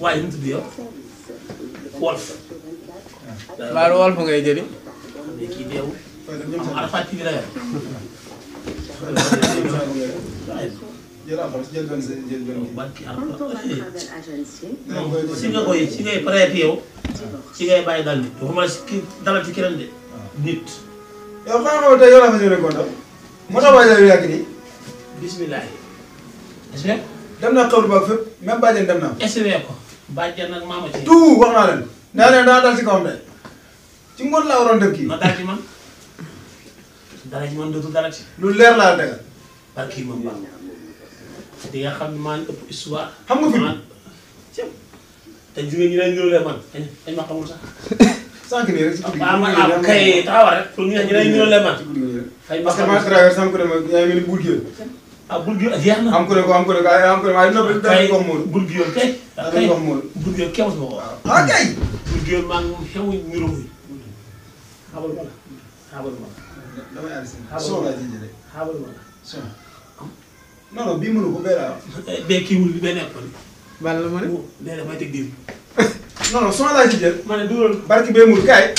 waaye li mu tudd yow Wolof. waaw Wolof ngay jëli. xam ne kii deewul. am Alpha TV la yor. si nga koy si ngay prête yow. si ngay bàyyi dal nit waxuma ki dalal ci ah. nit. yow xam nga tey yow laa fa ñëw rek ah? moo tax. moo tax dem naa xewlu baag fépp même bàjjen dem essayé ko bàjjen nag maama ci. tout wax naa leen nee leen dal ci kawam de ci ngoon laa waroon def kii. ma dal ci man dara ci man dootul dara ci. lu leer laa dëggal. par kii moom di nga xam ne maa histoire. xam nga fi man te jigéen ñi lay man dañ ma xamul sax. rek ci kay rek pour ñu lay man. fay ma ko mel ah bul gi jeex na. am ku ne ko am ku ne ko am ku ne waaye noppi danañ ko xamul. bul gi yoon kay. danañ ko xamul bul gi yoon kay mosuma ko. waaw ah, kay. bul gi yoon maa ngi moom xewuñ niroo yi. xabal ma la xabal ma la. damay àgg si xabal ma la xabal ma la. non non bii mënu ko bee laa. Eh, bee kii wul bee nekkoon. bala ma ne. nee na may teg diir. non non soo laa ci jël. ma ne dugal barki bee mul kaay.